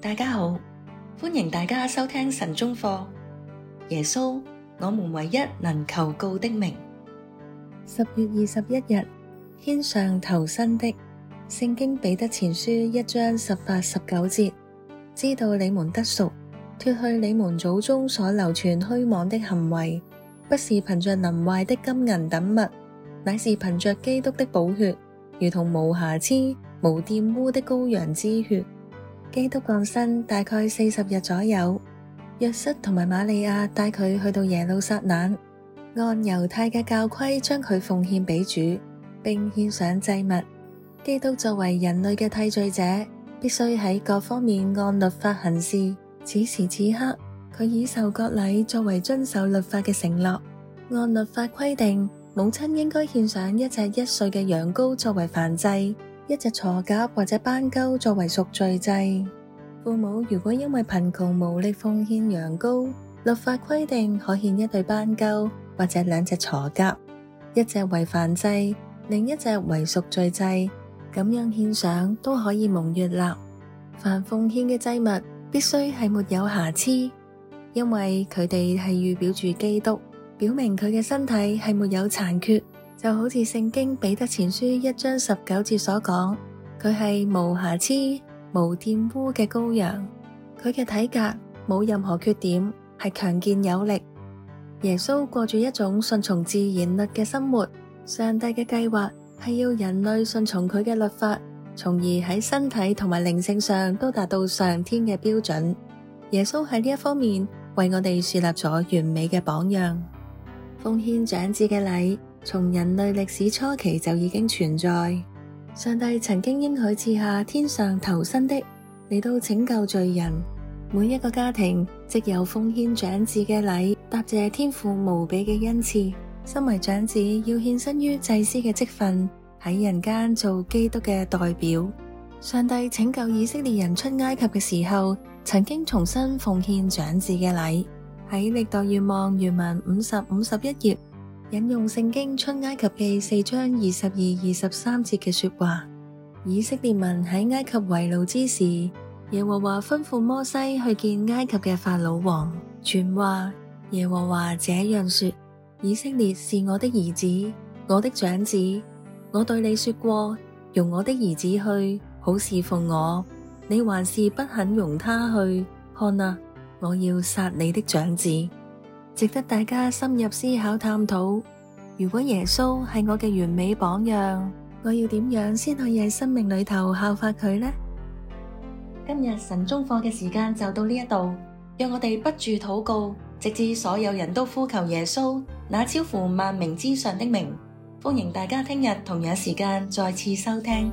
大家好，歡迎大家收聽神中課。耶穌，我們唯一能求告的名。十月二十一日，天上頭生的。聖經彼得前書一章十八十九節，知道你們得贖，脫去你們祖宗所流傳虛妄的行為，不是憑着能壞的金銀等物，乃是憑着基督的寶血，如同無瑕疵、無玷污的羔羊之血。基督降生大概四十日左右，約瑟同埋瑪利亞帶佢去到耶路撒冷，按猶太嘅教規將佢奉獻俾主，並獻上祭物。基督作為人類嘅替罪者，必須喺各方面按律法行事。此時此刻，佢以受割禮作為遵守律法嘅承諾。按律法規定，母親應該獻上一隻一歲嘅羊羔作為燔祭。一隻雛鴿或者斑鳩作為贖罪祭。父母如果因為貧窮無力奉獻羊羔，律法規定可獻一對斑鳩或者兩隻雛鴿，一隻為燔祭，另一隻為贖罪祭。咁樣獻上都可以蒙悅納。凡奉獻嘅祭物必須係沒有瑕疵，因為佢哋係預表住基督，表明佢嘅身體係沒有殘缺。就好似聖經彼得前書一章十九節所講，佢係無瑕疵、無玷污嘅羔羊。佢嘅體格冇任何缺點，係強健有力。耶穌過住一種順從自然律嘅生活。上帝嘅計劃係要人類順從佢嘅律法，從而喺身體同埋靈性上都達到上天嘅標準。耶穌喺呢一方面為我哋樹立咗完美嘅榜樣，奉獻長子嘅禮。從人類歷史初期就已經存在。上帝曾經應許賜下天上頭生的嚟到拯救罪人。每一個家庭即有奉獻長子嘅禮，答謝天父無比嘅恩賜。身為長子，要獻身於祭司嘅職分，喺人間做基督嘅代表。上帝拯救以色列人出埃及嘅時候，曾經重新奉獻長子嘅禮。喺歷代願望原文五十五十一頁。引用聖經出埃及記四章二十二二十三節嘅說話，以色列民喺埃及為奴之時，耶和華吩咐摩西去見埃及嘅法老王，傳話耶和華這樣說：以色列是我的兒子，我的長子，我對你說過，容我的兒子去好侍奉我，你還是不肯容他去，看啊，我要殺你的長子。值得大家深入思考探討。如果耶穌係我嘅完美榜樣，我要點樣先可以喺生命裏頭效法佢呢？今日神中課嘅時間就到呢一度，讓我哋不住禱告，直至所有人都呼求耶穌那超乎萬名之上的名。歡迎大家聽日同樣時間再次收聽。